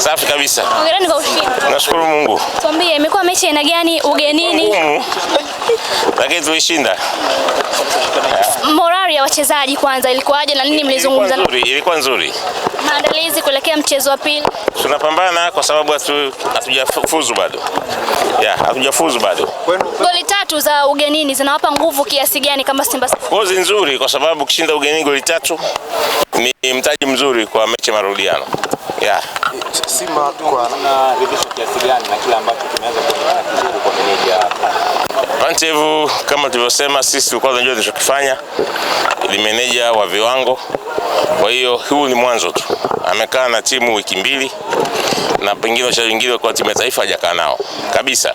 Safi kabisa. Hongereni kwa ushindi. Nashukuru Mungu. Tuambie imekuwa mechi aina gani ugenini? Lakini tulishinda. Morali ya wachezaji kwanza ilikuwaje na nini mlizungumza? Nzuri, ilikuwa nzuri. Maandalizi kuelekea mchezo wa pili. Tunapambana kwa sababu hatujafuzu bado. Yeah, hatujafuzu bado. Goli tatu za ugenini zinawapa nguvu kiasi gani kama Simba? Kozi nzuri kwa sababu kushinda ugenini goli tatu ni mtaji mzuri kwa mechi marudiano. Yeah. Simba kwa tunaridhishwa kiasi gani na kile ambacho kimeanza kuonekana kizuri kwa meneja Pantevu? Kama tulivyosema sisi tulikuwa tunajua tulichokifanya, ni meneja wa viwango. Kwa hiyo huu ni mwanzo tu, amekaa na timu wiki mbili na pengine cha wengine kwa timu ya taifa hajakaa nao kabisa.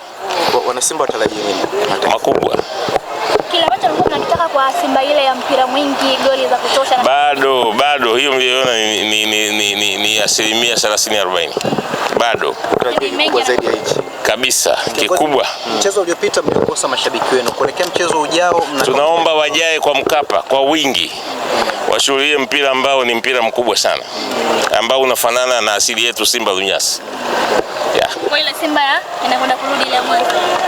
Wana Simba watarajia nini? Makubwa kwa Simba ile ya mpira mwingi, goli za kutosha. Bado bado hiyo mlioiona ni, ni, ni ni, ni, asilimia 30 40, bado yaani kabisa kikubwa. Mchezo uliopita mlikosa mashabiki wenu, kuelekea mchezo ujao tunaomba wajae kwa Mkapa kwa wingi, washuhudie mpira ambao ni mpira mkubwa sana ambao unafanana na asili yetu Simba Lunyasi.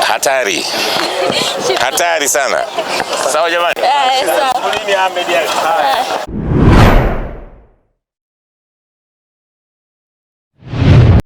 Hatari, hatari sana. Sawa jamani. Eh,